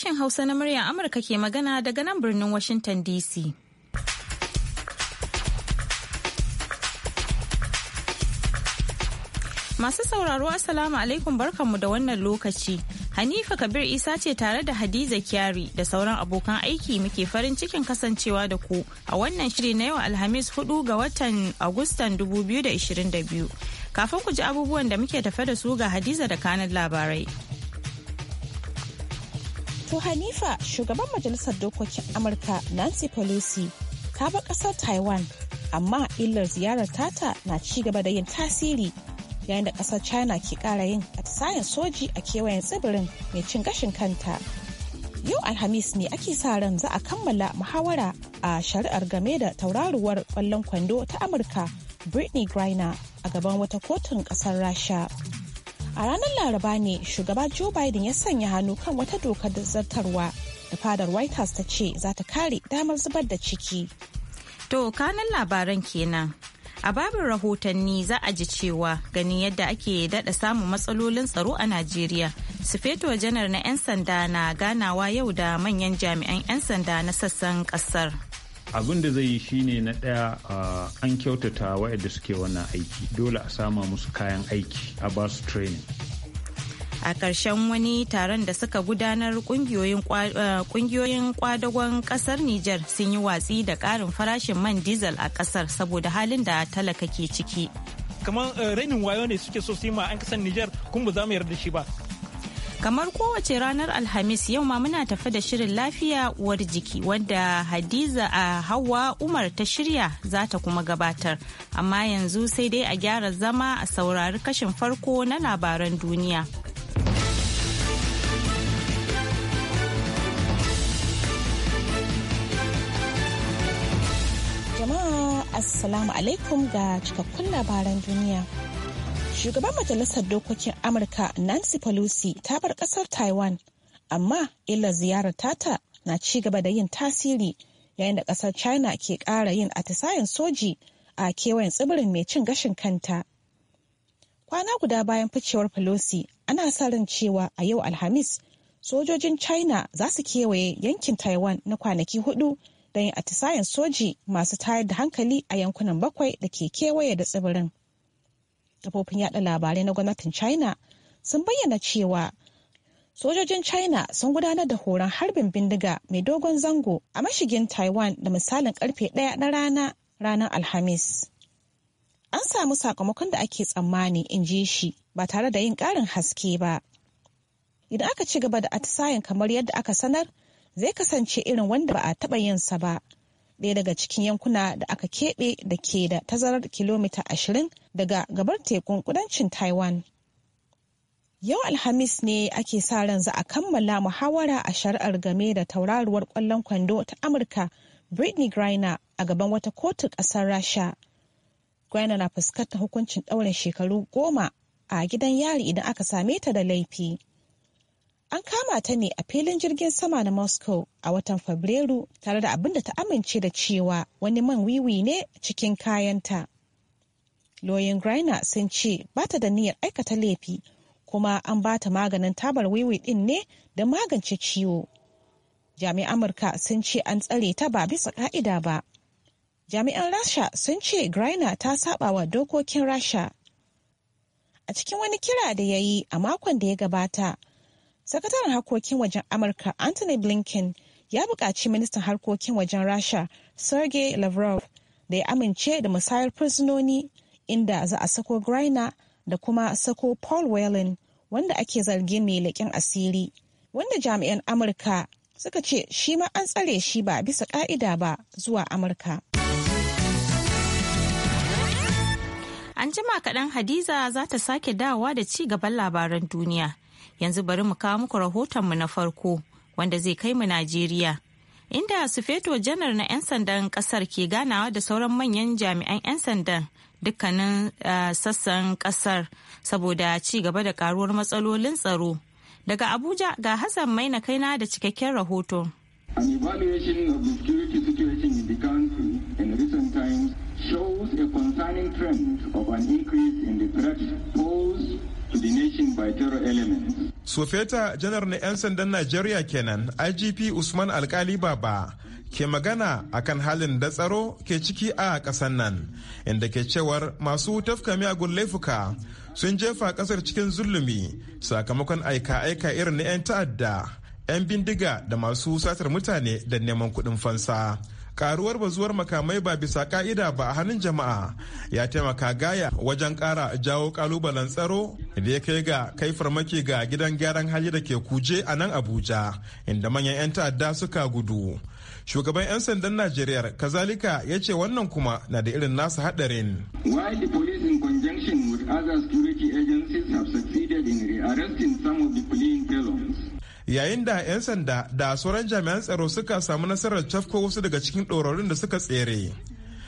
Sashen Hausa na muryar Amurka ke magana daga nan birnin Washington DC. Masu sauraro Assalamu alaikum barkanmu da wannan lokaci. Hanifa Kabir Isa ce tare da Hadiza Kyari da sauran abokan aiki muke farin cikin kasancewa da ku a wannan shiri na yau Alhamis 4 ga watan Agustan 2022. Kafin ku ji abubuwan da muke tafe da su ga Hadiza da kanan labarai. To Hanifa shugaban majalisar dokokin Amurka Nancy Pelosi ta bar kasar Taiwan amma illar ziyarar tata na ci gaba da yin tasiri yayin da kasar China ke kara yin atisayen soji a kewayen tsibirin mai cin gashin kanta. Yau Alhamis ne ake sa ran za a kammala muhawara a shari'ar game da tauraruwar kwallon kwando ta Amurka Britney Griner a gaban wata kotun kasar Rasha. a ranar laraba ne shugaba joe biden ya sanya hannu kan wata dokar da zartarwa da fadar white house ta ce za ta kare damar zubar da ciki to kanan labaran kenan a babin rahotanni za a ji cewa ganin yadda ake dada samun matsalolin tsaro a najeriya sufeto janar na 'yan sanda na ganawa yau da manyan jami'an 'yan sanda na sassan kasar abin da zai yi shine na ɗaya an kyautata waɗanda suke wannan aiki dole a sama musu kayan aiki a ba su training a ƙarshen wani taron da suka gudanar ƙungiyoyin kwadagon ƙasar niger sun yi watsi da ƙarin farashin man diesel a ƙasar saboda halin da talaka ke ciki. kamar eh, rainin wayo ne suke so su yi ma an kasar niger kuma ba za mu yarda shi ba Kamar kowace ranar Alhamis yau ma muna tafi da shirin lafiya uwar jiki wanda Hadiza a Hawa Umar ta shirya za ta kuma gabatar. Amma yanzu sai dai a gyara zama a saurari kashin farko na labaran duniya. Jama'a Assalamu alaikum ga cikakkun labaran duniya. Shugaban Majalisar Dokokin Amurka Nancy Pelosi ta bar ƙasar Taiwan, amma illar ziyarar tata na ci gaba da yin tasiri yayin da ƙasar China ke ƙara yin atisayen soji a kewayen tsibirin mai cin gashin kanta. Kwana guda bayan ficewar Pelosi, ana sa ran cewa a yau Alhamis, sojojin China za su kewaye yankin Taiwan na kwanaki hudu don yin atisayen soji masu tayar da hankali a yankunan bakwai da ke kewaye da tsibirin. kafofin yada labarai na gwamnatin china sun bayyana cewa sojojin china sun gudanar da horon harbin bindiga mai dogon zango a mashigin taiwan da misalin karfe ɗaya na rana ranar alhamis an samu sakamakon da ake tsammani in ji shi ba tare da yin ƙarin haske ba idan aka ci gaba da atisayen kamar yadda aka sanar zai kasance irin wanda ba a taɓa yinsa ba ɗaya daga cikin yankuna da aka keɓe da ke da tazarar kilomita ashirin daga gabar tekun kudancin Taiwan. Yau Alhamis ne ake sa ran za a kammala muhawara a shari'ar game da tauraruwar kwallon kwando ta Amurka Britney Griner a gaban wata kotu ƙasar Rasha. Griner na fuskantar hukuncin ɗaurin shekaru goma a gidan yari idan aka same ta da laifi. An kama ta ne a filin jirgin sama na Moscow a watan Fabrairu tare da abin da ta amince da cewa wani man wiwi ne cikin kayanta. Loyin Griner sun ce ba ta da niyyar aikata laifi kuma an ba ta maganin tabar wiwi din ne da magance ciwo. Jami'an Amurka sun ce an tsare ta ba bisa ka'ida ba. Jami'an Rasha sun ce Griner ta saba wa dokokin Rasha. A cikin wani kira da ya yi a makon da ya gabata, sakataren harkokin wajen amurka anthony blinken ya buƙaci ministan harkokin wajen rasha sergey lavrov da ya amince da musayar fursunoni inda za a sako griner da kuma sako paul whelan wanda ake zargi mai leƙen asiri wanda jami'an amurka suka ce shi ma an tsare shi ba bisa ƙa'ida ba zuwa amurka an jima kaɗan hadiza za ta sake dawowa da ci gaban labaran duniya yanzu bari mu kawo muku mu na farko wanda zai kai mu Najeriya. Inda Sufeto janar na 'yan sandan kasar ke ganawa da sauran manyan jami'an 'yan sandan dukkanin eh, sassan kasar saboda ci gaba da karuwar matsalolin tsaro. Daga Abuja ga Hassan Maina kaina da cikakken rahoto. An evaluation of the shows a concerning trend of an increase in the threat posed to the nation by terror elements. sofeta janar na 'yan sandan najeriya kenan igp usman alkali baba ke magana akan halin da tsaro ke ciki a ƙasar nan inda ke cewar masu tafka miyagun laifuka sun jefa kasar cikin zulumi sakamakon aika-aika irin na 'yan ta'adda 'yan bindiga da masu satar mutane da neman kudin fansa. karuwar bazuwar makamai ba bisa ka'ida ba a hannun jama'a ya taimaka gaya wajen kara jawo kalubalen tsaro da ya kai ga kai farmaki ga gidan gyaran hali da ke kuje a nan abuja inda manyan 'yan ta'adda suka gudu shugaban 'yan sandan najeriya kazalika ya ce wannan kuma na da irin nasa hadarin Other security agencies have succeeded in re-arresting some of the fleeing felons. yayin da 'yan sanda da sauran jami'an tsaro suka samu nasarar cafko wasu daga cikin ɗororin da suka tsere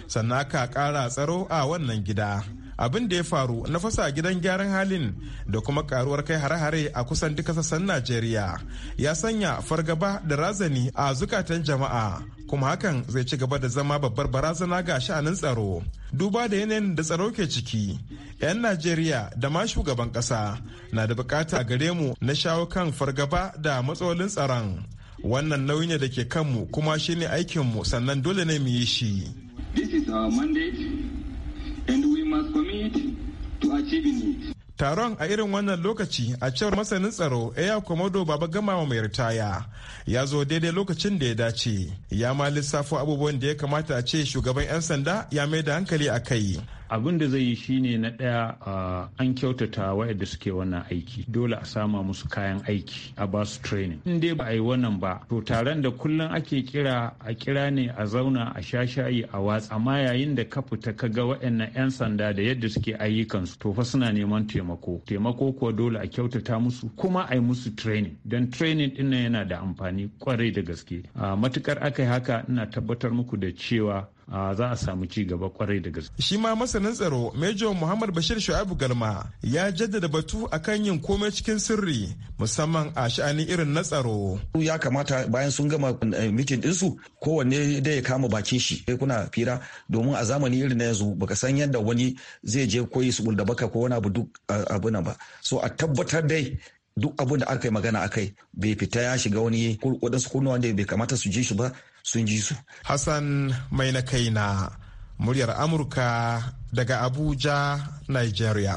sannan aka kara tsaro a wannan gida. abin da ya faru na fasa gidan gyaran halin da kuma karuwar kai hare-hare a kusan duka sassan najeriya ya sanya fargaba da razani a zukatan jama'a kuma hakan zai ci gaba da zama babbar barazana ga sha'anin tsaro duba da yanayin da tsaro ke ciki 'yan najeriya da ma shugaban kasa na da bukata gare mu na shawo kan fargaba da matsalolin tsaron wannan nauyi ne da ke kanmu kuma shine aikinmu sannan dole ne mu yi shi Taron a irin wannan lokaci a cewar masanin tsaro ya Komodo Baba gama wa mai ritaya ya zo daidai lokacin da ya dace. Ya ma lissafo abubuwan da ya kamata a ce shugaban 'yan sanda ya mai da hankali a kai. abin da zai yi shine na ɗaya ah, an kyautata waɗanda suke wannan aiki dole a sama musu kayan aiki a ba su training in dai ba a yi wannan ba to taron da kullum ake kira a kira ne a zauna a sha shayi a watsa amma yayin da ka fita ka ga waɗannan 'yan sanda da yadda suke ayyukansu to fa suna neman taimako taimako kuwa dole a kyautata musu kuma a yi musu training don training ɗin yana da amfani kwarai da gaske ah, matukar aka yi haka ina tabbatar muku da cewa za a samu ci gaba kwarai da gaske. Shi ma masanin tsaro Major Muhammad Bashir Shu'abu Galma ya jaddada batu akan yin komai cikin sirri musamman a sha'ani irin na tsaro. Ya kamata bayan sun gama eh, mitin ɗinsu kowanne dai ya kama bakin shi sai kuna fira domin a zamani irin na yanzu baka san yadda wani zai je koyi su da baka ko wani abu duk abu nan ba. So a tabbatar dai duk abun da aka yi magana akai bai fita ya shiga wani waɗansu kunnuwa da bai kamata su je shi ba sun ji su hassan mai na kai na muryar amurka daga abuja nigeria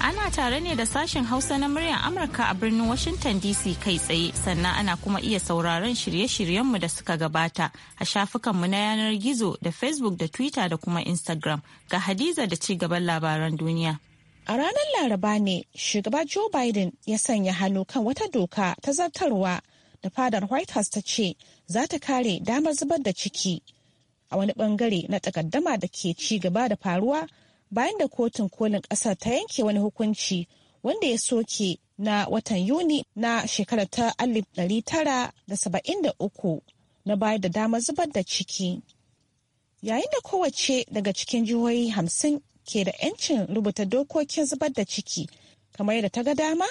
ana tare ne da sashen hausa na muryar amurka a birnin washington dc kai tsaye sannan ana kuma iya sauraron shirye-shiryenmu da suka gabata a shafukanmu na yanar gizo da facebook da twitter da kuma instagram ga hadiza da cigaban labaran duniya A ranar Laraba ne shugaba Joe Biden ya sanya hannu kan wata doka ta zartarwa da fadar White House ta ce za ta kare damar zubar da ciki a wani bangare na takaddama da ke ci gaba da faruwa bayan da kotun kolin kasar ta yanke wani hukunci wanda ya soke na watan Yuni na shekarar ta 1973 na bayar da damar zubar da ciki. Yayin da kowace daga cikin jihohi hamsin ke da 'yancin rubuta dokokin zubar da ciki kamar yadda ta ga dama?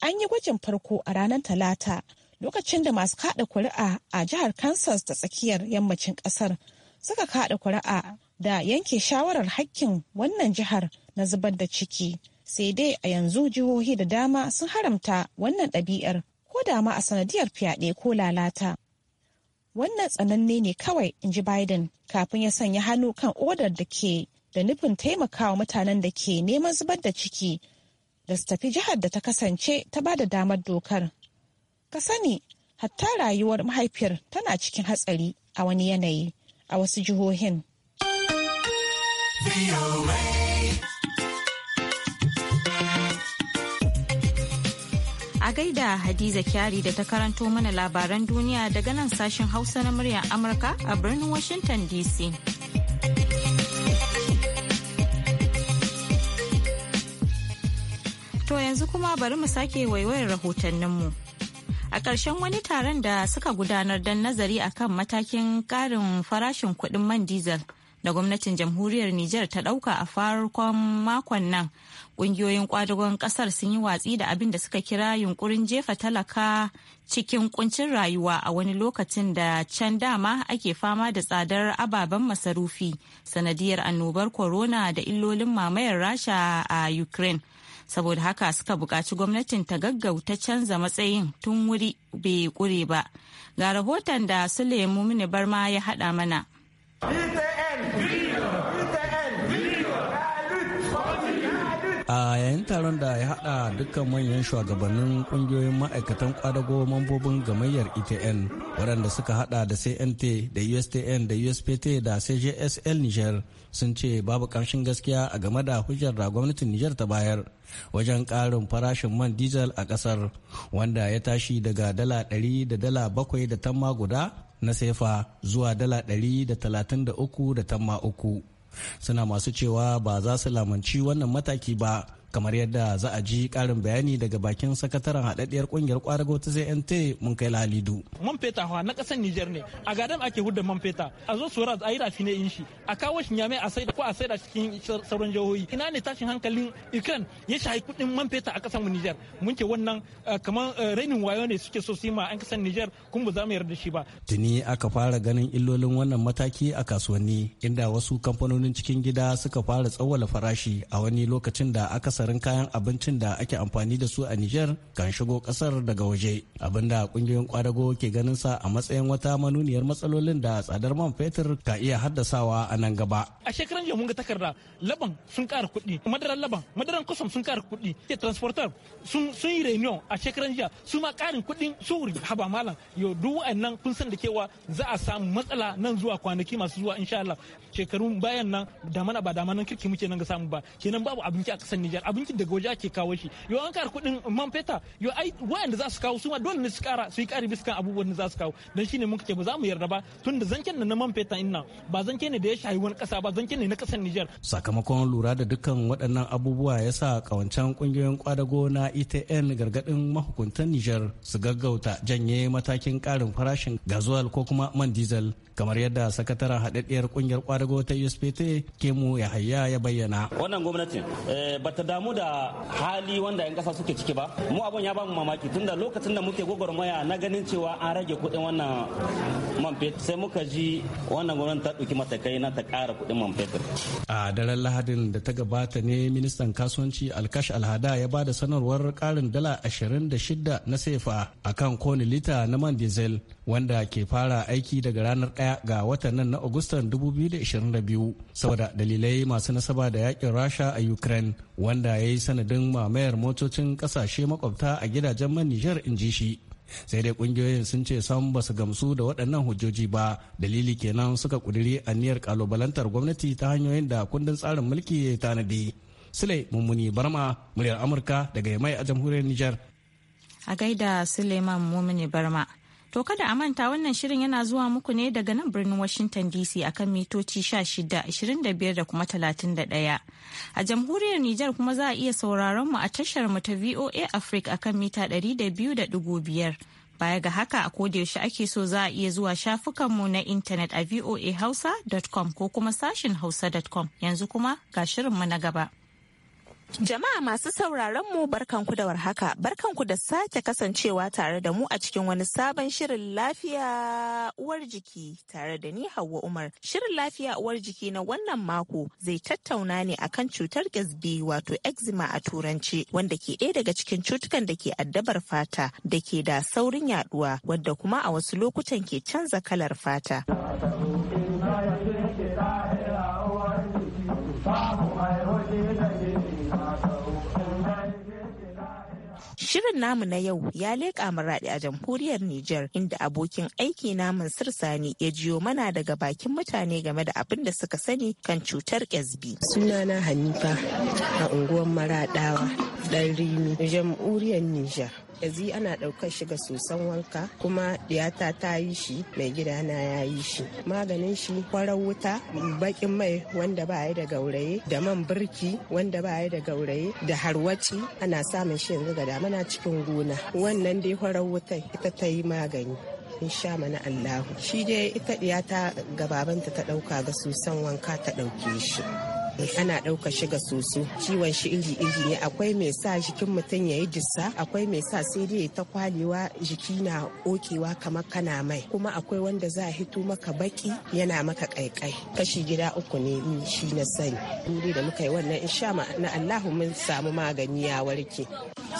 An yi gwajin farko a ranar Talata lokacin da masu kaɗa kuri'a a jihar Kansas da tsakiyar yammacin ƙasar suka kaɗa kuri'a da yanke shawarar hakkin wannan jihar na zubar da ciki. Sai dai a yanzu jihohi da dama sun haramta wannan ɗabi'ar ko da a sanadiyar fyaɗe ko lalata. Wannan tsananne ne kawai, in ji Biden, kafin ya sanya hannu kan odar da ke da nufin taimakawa mutanen da ke neman zubar da ciki da su tafi jihar da ta kasance ta ba da damar dokar. Ka sani, hatta rayuwar mahaifiyar tana cikin hatsari a wani yanayi a wasu jihohin. A gaida Hadiza Kyari da ta karanto mana labaran duniya daga nan sashen Hausa na muryar Amurka a birnin Washington DC. To yanzu kuma bari mu sake waiwayar rahotanninmu. A ƙarshen wani taron da suka gudanar don nazari a kan matakin ƙarin farashin kuɗin man diesel da gwamnatin jamhuriyar Nijar ta ɗauka a farkon makon nan. Ƙungiyoyin ƙwadagon ƙasar sun yi watsi da abin da suka kira yunkurin jefa talaka cikin ƙuncin rayuwa a wani lokacin da can dama ake fama da tsadar ababen masarufi sanadiyar annobar corona da illolin mamayar rasha a Ukraine. saboda haka suka buƙaci gwamnatin ta gaggauta canza matsayin tun wuri bai kure ba ga rahoton da su lemu mini barma ya haɗa mana. yayin taron da ya hada dukkan manyan shugabannin kungiyoyin ma'aikatan kwadago mambobin gamayyar etn waɗanda suka hada da cnt da ustn da uspt da cjsl niger sun ce babu ƙamshin gaskiya a game da hujjar da gwamnatin niger ta bayar wajen ƙarin farashin man diesel a ƙasar wanda ya tashi daga dala ɗari da dala bakwai da tamma guda na sefa zuwa dala ɗari da talatin tamma uku suna masu cewa ba za su lamanci wannan mataki ba kamar yadda za a ji karin bayani daga bakin sakataren haɗaɗɗiyar ƙungiyar ƙwarago ta cnt mun kai lalidu. man feta hawa na ƙasar niger ne a gadam ake hudda man feta a zo su a yi rafi ne in shi a kawo shi nyame a saida ko a saida cikin sauran jihohi ina ne tashin hankalin ukraine ya shahi kuɗin man feta a ƙasar mu niger mun ke wannan eh, kamar eh, rainin wayo ne suke so su ma an ƙasar nijar kun ba za mu yarda shi ba. tuni aka fara ganin illolin wannan mataki a kasuwanni inda wasu kamfanonin cikin gida suka fara tsawwala farashi a wani lokacin da aka akasarin kayan abincin da ake amfani da su a Nijar kan shigo kasar daga waje. Abinda kungiyoyin kwadago ke ganin sa a matsayin wata manuniyar matsalolin da tsadar man fetur ka iya haddasawa a nan gaba. A shekaran jiya mun ga takarda laban sun kara kuɗi, madaran laban, madaran kusan sun kara kuɗi, ke transporter sun yi reunion a shekaran jiya su ma karin kuɗin su haba malam yau duk wa'annan kun san da kewa za a samu matsala nan zuwa kwanaki masu zuwa insha Allah shekarun bayan nan mana ba manan kirki muke nan ga samu ba kenan babu abinci a kasar Nijar abincin daga waje ake kawo shi yo an kara kuɗin man feta yo ai wayanda za su kawo su ma dole ne su kara su yi kari biskan abubuwan da za su kawo dan shine mun kace ba za mu yarda ba tun da nan na man feta in nan ba zanke ne da ya shahi wani ƙasa ba zanke ne na kasar Nijar sakamakon lura da dukkan waɗannan abubuwa ya sa kawancan kungiyoyin kwadago na ETN gargadin mahukuntan Nijar su gaggauta janye matakin karin farashin gazuwal ko kuma man diesel kamar yadda sakataren haɗaɗɗiyar kungiyar kwadago ta USPT Kemu Yahaya ya bayyana wannan gwamnatin eh, ba ta damu da hali wanda 'yan kasa suke ciki ba mu abun ya bamu mamaki tunda lokacin da muke gwagwarmaya na ganin cewa an rage kuɗin wannan man fetur sai muka ji wannan gwamnati ta ɗauki matakai na ta ƙara kuɗin man fetur. a daren lahadin da ta gabata ne ministan kasuwanci alkash alhada ya ba da sanarwar ƙarin dala ashirin na sefa a kan kone lita na man diesel wanda ke fara aiki daga ranar ɗaya ga watan nan na agustan 2022 saboda dalilai masu nasaba da yakin rasha a ukraine wanda ya yi sanadin mamayar motocin ƙasashe makwabta a gidajen man nijar in ji shi sai dai kungiyoyin sun ce sam ba su gamsu da waɗannan hujjoji ba dalili kenan suka kuduri aniyar kalubalantar gwamnati ta hanyoyin da kundin tsarin mulki ya tanadi sule mummuni barma muryar amurka daga yamai a jamhuriyar niger a gaida suleiman mummuni barma To kada a manta wannan shirin yana zuwa muku ne daga nan birnin Washington DC akan mitoci 16, 25 da kuma 31. A jamhuriyar Nijar kuma za a iya sauraron mu a tashar mu ta VOA Africa akan mita 200.5. Baya ga haka a yaushe ake so za a iya zuwa shafukan mu na intanet a voahausa.com ko kuma sashin hausa.com yanzu kuma ga shirin mu na gaba. Jama'a masu sauraron mu barkanku da warhaka, barkanku da sake kasancewa tare da mu a cikin wani sabon shirin lafiya uwar jiki tare da ni Hauwa Umar. Shirin lafiya uwar jiki na wannan mako zai tattauna ne akan cutar gasbi wato eczema a turanci wanda ke ɗaya daga cikin cutukan da ke addabar fata da ke da saurin yaduwa wadda kuma a wasu lokutan ke canza kalar fata. Shirin namu na yau ya leƙa muradi a jamhuriyar Nijar inda abokin aiki namun Mansur Sani ya jiyo mana daga bakin mutane game da abin da suka sani kan cutar ƙyazbi. Sunana Hanifa a unguwar Maraɗawa. dan rimi jam'uriyar nijar yanzu ana ɗaukar shiga sosan wanka kuma diyata ta yi shi mai gida na ya yi shi maganin shi kwarar wuta bakin mai wanda ba yi da gauraye da man birki wanda ba yi da gauraye da harwaci ana samun shi yanzu ga damana cikin gona wannan dai kwarar wuta ita ta yi magani in sha mana Allahu shi dai ita diyata gababanta ta ɗauka ga sosan wanka ta ɗauke shi ana ɗauka shiga soso ciwon shi iri iri ne akwai mai sa jikin mutum ya yi dissa akwai mai sa sai dai ta kwalewa jiki na okewa kamar kana mai kuma akwai wanda za a hito maka baki yana maka ƙaiƙai? kashi gida uku ne shi na sani dole da muka yi wannan insha na Allahu mun samu magani ya warke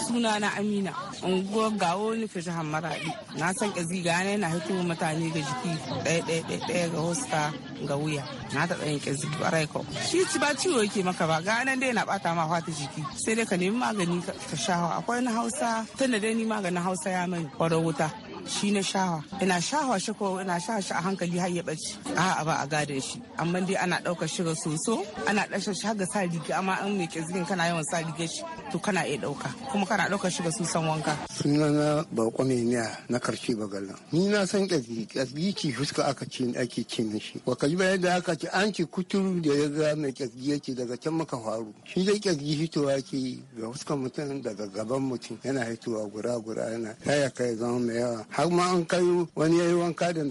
suna na amina unguwar gawo nufi jihar maradi na san ƙazi gane na hito mutane ga jiki ɗaya ga hosta ga wuya na ta yin ƙazi ɓarai kau shi ci ba ciwo yake maka ba anan dai na ɓata ma fata jiki sai dai ka nemi magani ka shawa. akwai na hausa tun da dai ni maganin hausa ya mani Kwaro wuta shi na shawa ina shawa shi ko ina shawa shi a hankali har ya bace a ba a gadon shi amma dai ana ɗaukar shiga soso ana ɗaukar shi har ga sa riga amma an mai ƙirgin kana yawan sa riga shi to kana iya ɗauka kuma kana ɗaukar shi ba su san wanka. sunana bako ne miya na karshe bagala ni na san ƙasgi ƙasgi ci fuska aka ce ake ce wa wakali bayan da aka ce an ce kuturu da ya ga mai ƙasgi yake daga can maka faru shi dai ƙasgi hitowa ke ga fuskar mutum daga gaban mutum yana hitowa gura gura yana ya kai zama mai yawa har ma an kai wani yayi wanka da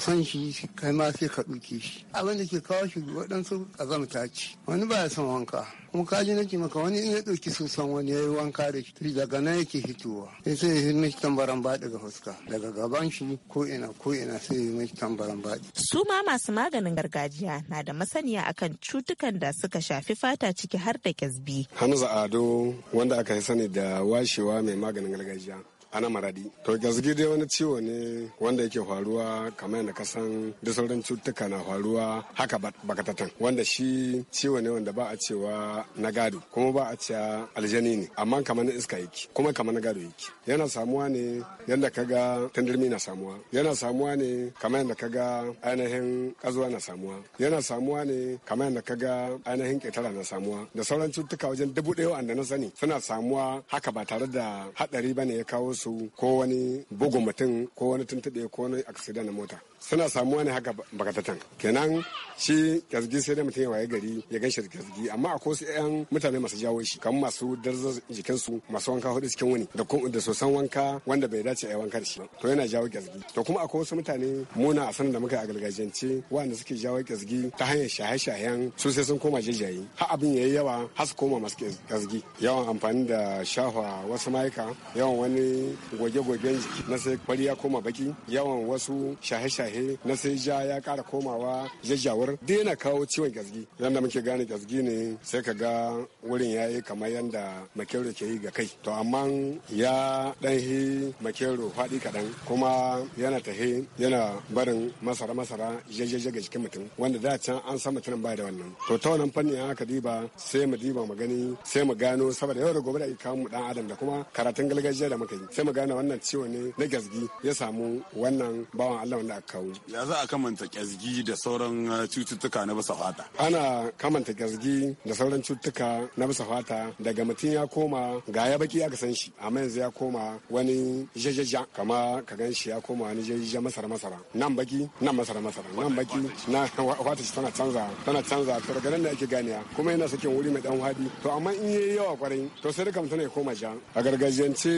san shi kai ma sai ka ɗuke shi abin da ke kawo shi waɗansu ƙazamta ci wani ba ya san wanka kuma kaji nake maka wani in ya ɗauki Ki su san wani ya yi wanka da shi daga nan yake hitowa sai sai yi miki tambaran baɗi ga fuska daga gaban shi ko ina ko ina sai yi miki tambaran baɗi. su ma masu maganin gargajiya na da masaniya akan cutukan da suka shafi fata ciki har da kyasbi. hanzu ado wanda aka sani da washewa mai maganin gargajiya ana maradi to gaske dai wani ciwo ne wanda yake faruwa kamar yadda kasan da sauran cututtuka na faruwa haka bakatatan wanda shi ciwo ne wanda ba a cewa na gado kuma ba a cewa aljani ne amma kamar na iska yake kuma kamar na gado yake yana samuwa ne yadda kaga tandirmi na samuwa yana samuwa ne kamar yadda kaga ainihin kazuwa na samuwa yana samuwa ne kamar yadda kaga ainihin ketara na samuwa da sauran cututtuka wajen dubu ɗaya wanda na sani suna samuwa haka ba tare da haɗari ba ne ya kawo su su ko wani bugun mutum ko wani tuntuɓe ko wani aksida na mota suna samuwa ne haka bakatatan kenan shi kyasgi sai dai mutum ya waye gari ya gaishe da kyasgi amma a kosu yan mutane masu jawo shi kamar masu darzar jikinsu masu wanka hudu cikin wani da sosan wanka wanda bai dace a wanka da shi to yana jawo kyasgi to kuma akwai wasu mutane muna a sanin da muka a gargajiyance wanda suke jawo kyasgi ta hanyar shaye-shayen su sai sun koma jajaye har abin ya yi yawa har su koma masu kyasgi yawan amfani da shafa wasu mayuka yawan wani gwaje goge-gogen na sai kwari ya koma baki yawan wasu shahe-shahe na sai ja ya kara komawa jajjawar duk yana kawo ciwon gasgi yadda muke gane gasgi ne sai ka ga wurin ya yi kamar yadda makero ke yi ga kai to amma ya dan hi makero faɗi kaɗan kuma yana tahe yana barin masara-masara jajjaje ga jikin mutum wanda da can an san mutum ba da wannan to ta wannan fanni aka diba sai mu diba mu gani sai mu gano saboda yau da gobe da kawo mu dan adam da kuma karatun gargajiya da muka yi sai mu gane wannan ciwo ne na gasgi ya samu wannan bawan Allah wanda aka kawo. Ya za a kamanta gasgi da sauran uh, cututtuka na bisa fata? Ana kamanta gasgi da sauran cututtuka na bisa fata daga mutum ya koma ga ya baki aka san shi amma yanzu ya koma wani jajaja kama ka gan shi ya koma wani jajaja masara masara nan baki nan masara masara nan baki na wata shi tana canza tana canza to daga nan da ake ganiya kuma yana sakin wuri mai dan hadi to amma in yayi yawa kwarai to sai da kamta ne koma ja a gargajiyance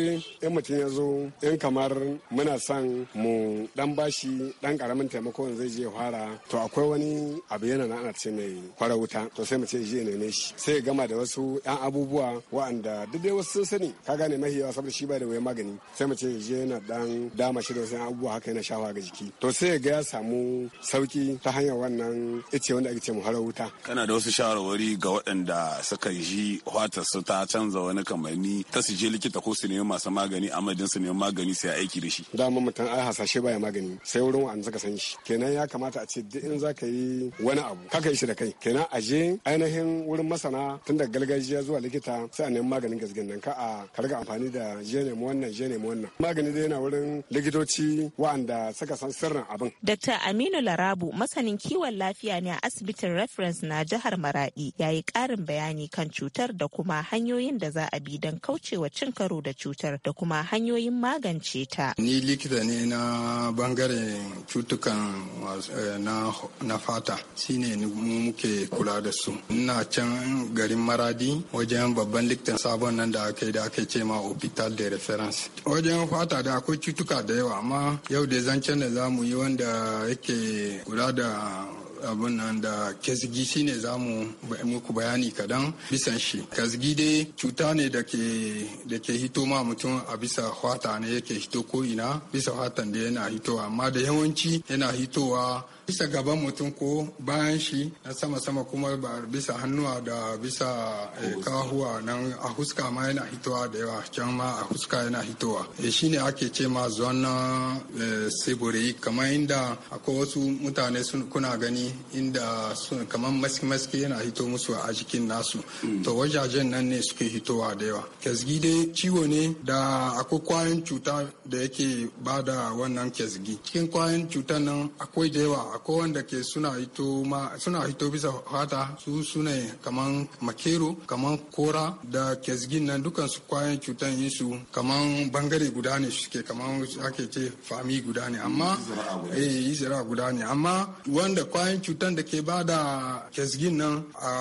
in lokacin ya zo in kamar muna son mu dan bashi dan karamin taimako zai je fara to akwai wani abu yana na ana ce mai fara wuta to sai mu ce je ne shi sai gama da wasu yan abubuwa wa'anda duk dai wasu sun sani ka gane mahi yawa saboda shi ba da wai magani sai mu ce je na dan dama shi da wasu abubuwa haka yana shawa ga jiki to sai ga ya samu sauki ta hanyar wannan ice wanda ake ce mu fara wuta kana da wasu shawarwari ga waɗanda suka yi hwatar su ta canza wani kamanni ta su je likita ko su nemi masu magani amadin ne magani sai aiki da shi dama mutum ai hasashe baya magani sai wurin wa'anda suka san shi kenan ya kamata a ce duk in za ka yi wani abu kaka yi shi da kai kenan a ainihin wurin masana tun daga gargajiya zuwa likita sai a nemi maganin gaskin nan ka a karga amfani da je nemi wannan je nemi wannan magani dai yana wurin likitoci wa'anda suka san sirrin abin Dr. Aminu Larabu masanin kiwon lafiya ne a asibitin Reference na jihar Maradi yayi yi ƙarin bayani kan cutar da kuma hanyoyin da za a bi don kaucewa cin karo da cutar da kuma hanyoyin magance ta. Ni likita ne na bangaren cutukan eh, na fata shine mu muke kula da su. Ina can garin Maradi wajen babban likitan sabon nan da aka yi da aka ce ma hospital de reference. Wajen fata da akwai cutuka da yawa amma yau da zancen da za mu yi wanda yake kula da abin nan da kesgi shine za mu muku bayani kadan bisan shi kezgi dai cuta ne da ke hito ma mutum a bisa hwata ne yake hito ko ina bisa hwatan da yana hitowa amma da yawanci yana hitowa bisa gaban mutum ko bayan shi na sama-sama kuma ba bisa hannuwa da bisa eh, kahuwa nan a huska ma yana hitowa da yawa can ma a huska yana hitowa e eh, shine ake ce ma na eh, sebore kamar inda akwai wasu mutane sun kuna gani inda sun kamar maski-maski yana hito musu a jikin nasu mm. to wajajen nan ne suke hitowa da yawa kyasgi dai ciwo ne da akwai kwayan cuta da yake da wannan kyasgi cikin kwayan cuta nan akwai da yawa akwai wanda ke suna hito ma suna hito bisa fata su suna kaman makero kaman kora da kesgin nan dukan su kwayan cutan yin su kaman bangare guda ne suke kaman ake ce fami guda ne amma eh izira guda ne amma wanda kwayan cutan da ke bada kesgin nan a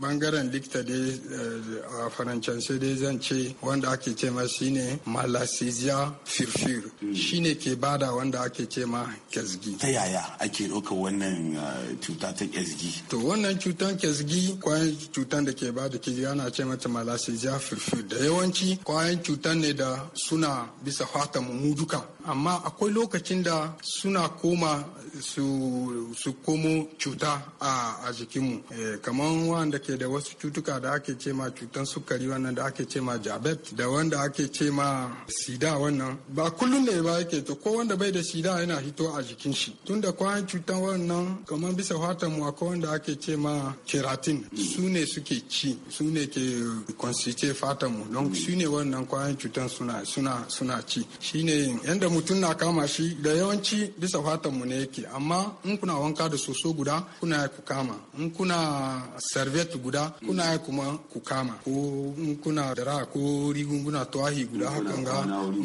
bangaren likita dai eh, a farancance dai zan ce wanda ake ce ma shine malasizia firfir hmm. shine ke bada wanda ake ce ma kesgi ta yaya ake ke ɗauka wannan ah, cuta ta kyazgi? To wannan cutan kyazgi kwayan cutan da ke ba da ke ana ce mata malasija firfir da yawanci kwayan cutan ne da suna bisa fata mu duka. Amma akwai lokacin da suna koma su, su komo cuta a, a jikinmu. E, eh, kamar wanda ke da wasu cutuka da ake ce ma cutan sukari wannan da ake ce ma jabet da wanda ake ce ma sida wannan ba kullum ne ba yake to ko wanda bai da sida yana hito a jikin shi tunda kwayan cutan wannan kamar bisa fatan mu akwai wanda ake ce ma keratin su ne suke ci su ne ke constitute fatan mu don su ne wannan kwayan cutan suna suna suna ci shine yanda mutum na kama shi da yawanci bisa fatan mu ne yake amma in kuna wanka da soso guda kuna ku kama in kuna serviette guda kuna kuma ku kama ko in kuna dara ko rigunguna tuwahi guda hakan ga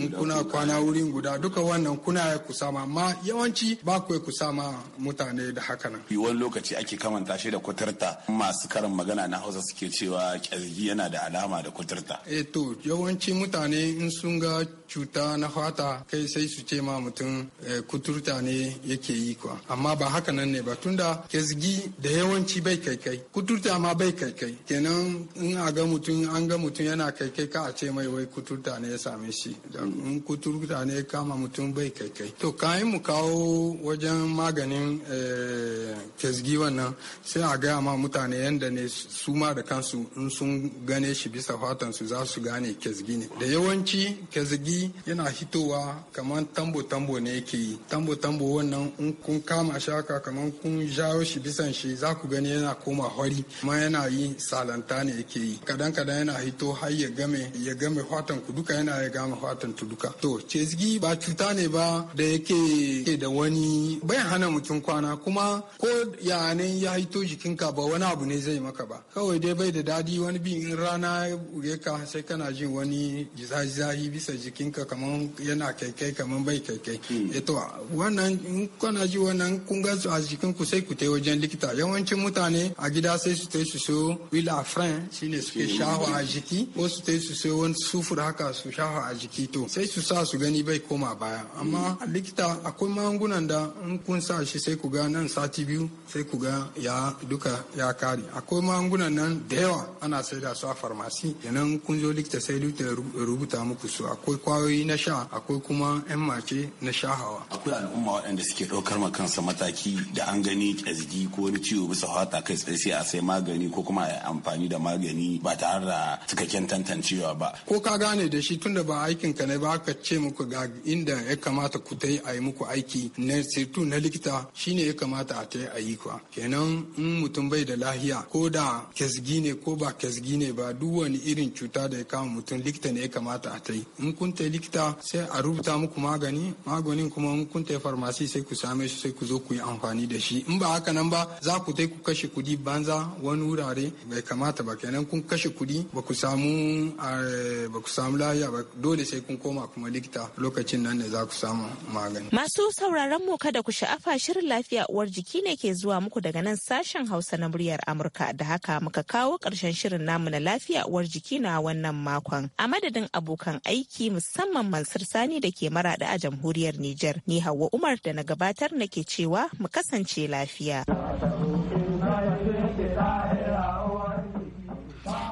in kuna kwana wurin guda duka wannan kuna ku sama amma yawanci ba ku ku sama mutane da haka nan. Wani lokaci ake kamanta shi da kuturta masu karin magana na Hausa suke cewa kyazgi yana da alama da kuturta. E eh to yawanci mutane in sun ga cuta na fata kai sai su ce ma mutum eh, kuturta ne yake yi kuwa. Amma ba haka nan ne ba tunda kyazgi da yawanci bai kai kai kuturta ma bai kai kai kenan in a ga mutum an ga mutum yana kai kai ka a ce mai wai kuturta ne ya same shi. In kuturta ne kama mutum bai kai kai. To kayan mu kawo wajen magani maganin eh, kesgi wannan sai a gaya ma mutane yadda ne su ma da kansu in sun gane shi bisa fatan su za su gane kesgi ne da yawanci kesgi yana hitowa kamar tambo-tambo ne ke yi tambo-tambo wannan in kun kama shaka haka kamar kun jawo shi bisan shi za ku gani yana koma hori ma yana yi salanta ne ke yi kadan-kadan yana hito har ya game ya game fatan ku duka yana ya game fatan tu duka to kesgi ba cuta ne ba da yake da wani bai hana mukin kwana kuma ko yanayin ya haito jikinka ba wani abu ne zai maka ba kawai dai bai da dadi wani bi in rana ure ka sai kana jin wani zahi bisa jikinka kamar yana kaikai kamar bai kaikai hmm. eto wannan in kana ji wannan kun ga a jikin jikinku sai ku tai wajen likita yawancin mutane a gida sai su tai su so wila shine suke hmm. shaho a jiki ko su tai su so wani sufur haka su shaho a jiki to sai su sa su gani bai koma baya amma hmm. likita akwai magungunan da in kun sa sai ku ga nan sati biyu sai ku ga ya duka ya kare akwai magungunan nan da yawa ana da su a farmasi yanan kun zo likita sai likita rubuta muku su akwai kwayoyi na sha akwai kuma yan mace na sha hawa akwai al'umma waɗanda suke ɗaukar ma kansa mataki da an gani ƙyazgi ko wani ciwo bisa hawata kai tsaye sai a sai magani ko kuma a amfani da magani ba ta har da cikakken tantancewa ba ko ka gane da shi tunda ba aikin ka ne ba ka ce muku ga inda ya kamata ku ta yi a yi muku aiki na sirtu na likita likita shine ya kamata a ta yi a yi kwa kenan in mutum bai da lahiya ko da kesgi ne ko ba kesgi ne ba duk wani irin cuta da ya kama mutum likita ne ya kamata a ta yi in kun ta likita sai a rubuta muku magani maganin kuma in kun ta farmasi sai ku same shi sai ku zo ku yi amfani da shi in ba haka nan ba za ku ta ku kashe kudi banza wani wurare bai kamata ba kenan kun kashe kudi ba ku samu eh, ba ku samu lahiya ba dole sai kun koma kuma likita lokacin nan ne za ku samu magani masu sauraron mu kada ku sha'afa kuma shirin lafiya uwar jiki ne ke zuwa muku daga nan sashen Hausa na muryar Amurka da haka muka kawo ƙarshen shirin namu na lafiya uwar jiki na wannan makon. A madadin abokan aiki musamman Mansur Sani da ke marada a jamhuriyar Nijar. Ni hawa Umar da na gabatar nake cewa mu kasance lafiya.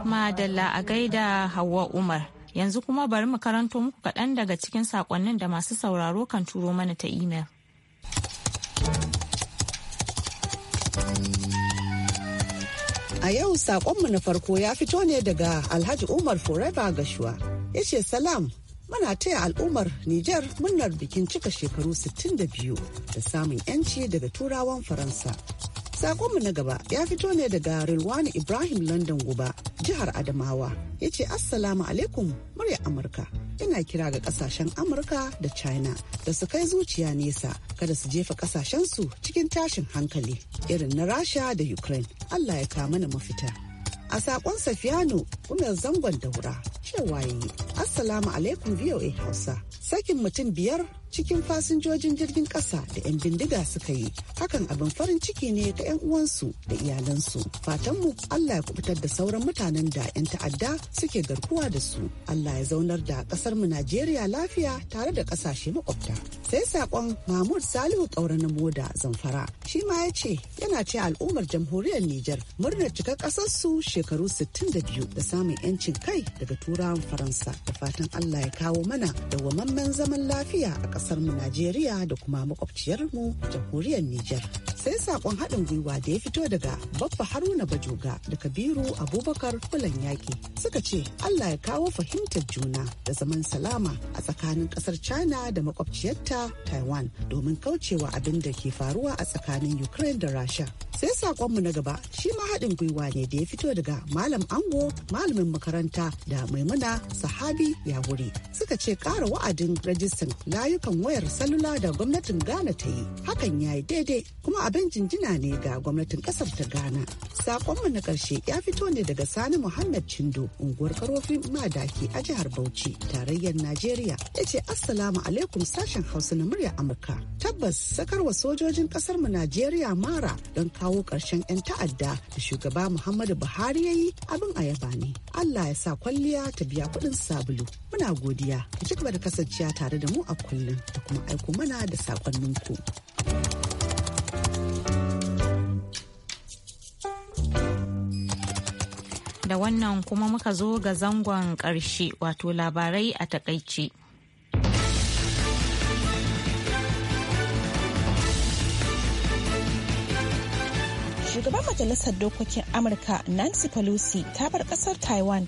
Madalla a gaida hawa Umar. Yanzu kuma bari mu karanto muku kaɗan daga cikin saƙonnin da masu sauraro kan turo mana ta imel. A yau saƙonmu na farko ya fito ne daga Alhaji Umar Forever Gashuwa. Ya ce salam muna taya al'ummar Nijar murnar bikin cika shekaru 62 da samun 'yanci daga turawan Faransa. Sakonmu na gaba ya fito ne daga Rilwani Ibrahim London Guba, jihar Adamawa. Ya ce Assalamu alaikum murya Amurka. Ina kira ga kasashen Amurka da China da su kai zuciya nesa kada su jefa su cikin tashin hankali irin na Rasha da Ukraine. Allah ya kama na mafita. a saƙon Safiyanu umar zangon daura cewa yi assalamu alaikum voa hausa sakin mutum biyar cikin fasinjojin jirgin kasa da 'yan bindiga suka yi hakan abin farin ciki ne ga 'yan uwansu da iyalansu fatanmu allah ya kubutar da sauran mutanen da 'yan ta'adda suke garkuwa da su allah ya zaunar da kasar mu najeriya lafiya tare da kasashe makwabta sai saƙon mahmud salihu kaura na moda zamfara shi ma ya ce yana ce al'ummar jamhuriyar nijar murnar cikar su shekaru sittin da biyu da samun 'yancin kai daga turawan faransa da fatan allah ya kawo mana dawwamammen zaman lafiya a kasar mu Najeriya da kuma makwabciyar mu jamhuriyar Nijar. sai sakon haɗin gwiwa da ya fito daga babba haruna bajoga da kabiru abubakar kulan yaki suka ce allah ya kawo fahimtar juna da zaman salama a tsakanin ƙasar china da makwabciyarta taiwan domin kaucewa abin da ke faruwa a tsakanin ukraine da rasha sai sakonmu na gaba shi ma haɗin gwiwa ne da ya fito daga malam ango malamin makaranta da maimuna sahabi ya wuri suka ce ƙara wa'adin rajistan layukan wayar salula da gwamnatin ghana ta yi hakan ya yi daidai kuma abin jinjina ne ga gwamnatin kasar ta ghana sakonmu na karshe ya fito ne daga sani muhammad chindo unguwar karofin madaki a jihar bauchi tarayyar najeriya ya ce assalamu alaikum sashen hausa na murya amurka tabbas sakarwa sojojin kasar mu najeriya mara don kawo karshen 'yan ta'adda da shugaba muhammadu buhari ya yi abin a yaba ne allah ya sa kwalliya ta biya kuɗin sabulu muna godiya ku ci gaba da kasancewa tare da mu a kullum da kuma aiko mana da sakonninku. ku. da wannan kuma muka zo ga zangon ƙarshe wato labarai a takaice. Shugaban Majalisar Dokokin Amurka Nancy Pelosi ta bar ƙasar Taiwan,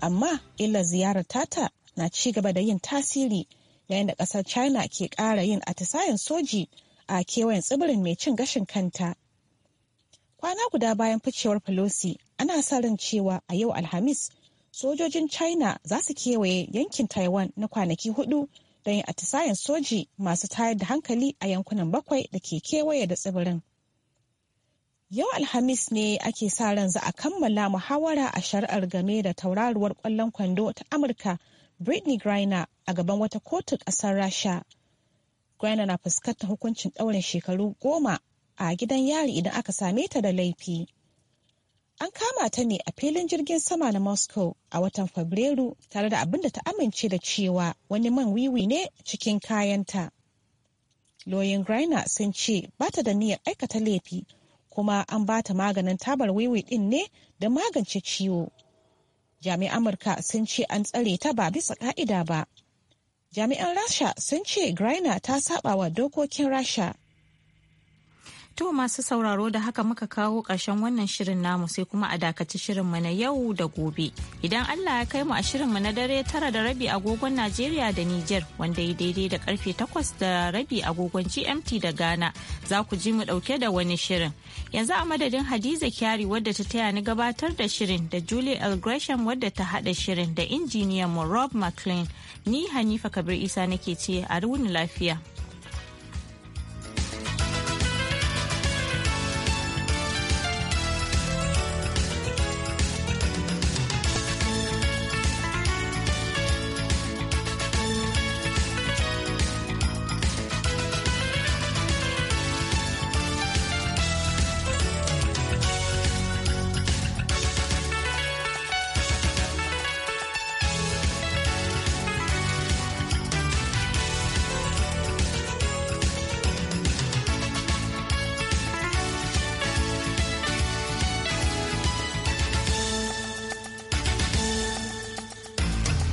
amma illa ziyarar tata na ci gaba da yin tasiri yayin da ƙasar China ke ƙara yin atisayen soji a kewayen tsibirin mai cin gashin kanta. Kwana guda bayan ficewar Pelosi, ana sa ran cewa a yau Alhamis, sojojin China za su kewaye yankin Taiwan na kwanaki hudu don yin atisayen soji masu tayar da hankali a yankunan bakwai da ke kewaye da tsibirin. Yau Alhamis ne ake sa ran za a kammala muhawara a shari'ar game da tauraruwar kwallon kwando ta Amurka Britney Griner a gaban wata kotun kasar Rasha. Griner na fuskantar hukuncin ɗaurin shekaru goma a gidan yari idan aka same ta da laifi. An kama ta ne a filin jirgin sama na Moscow a watan Fabrairu tare da abin da ta amince da cewa wani man wiwi ne cikin kayanta. Loyin Griner sun ce ba ta da niyyar aikata laifi kuma an ba ta maganin tabar wiwi ɗin ne da magance ciwo. Jami'an Amurka sun ce an tsare ta ba bisa ka'ida ba. Jami'an Rasha sun ce Griner ta saba wa dokokin Rasha To masu sauraro da haka muka kawo ƙarshen wannan shirin namu sai kuma a dakaci shirinmu na yau da gobe. Idan Allah ya kai mu a shirinmu na dare tara da rabi agogon Najeriya da Nijar wanda ya daidai da karfe takwas da rabi agogon GMT da Ghana za ku ji mu ɗauke da wani shirin. Yanzu a madadin Hadiza Kyari wadda ta taya ni gabatar da shirin da Julie L. Gresham wadda ta haɗa shirin da injiniyan mu Rob McLean ni Hanifa Kabir Isa nake ce a lafiya.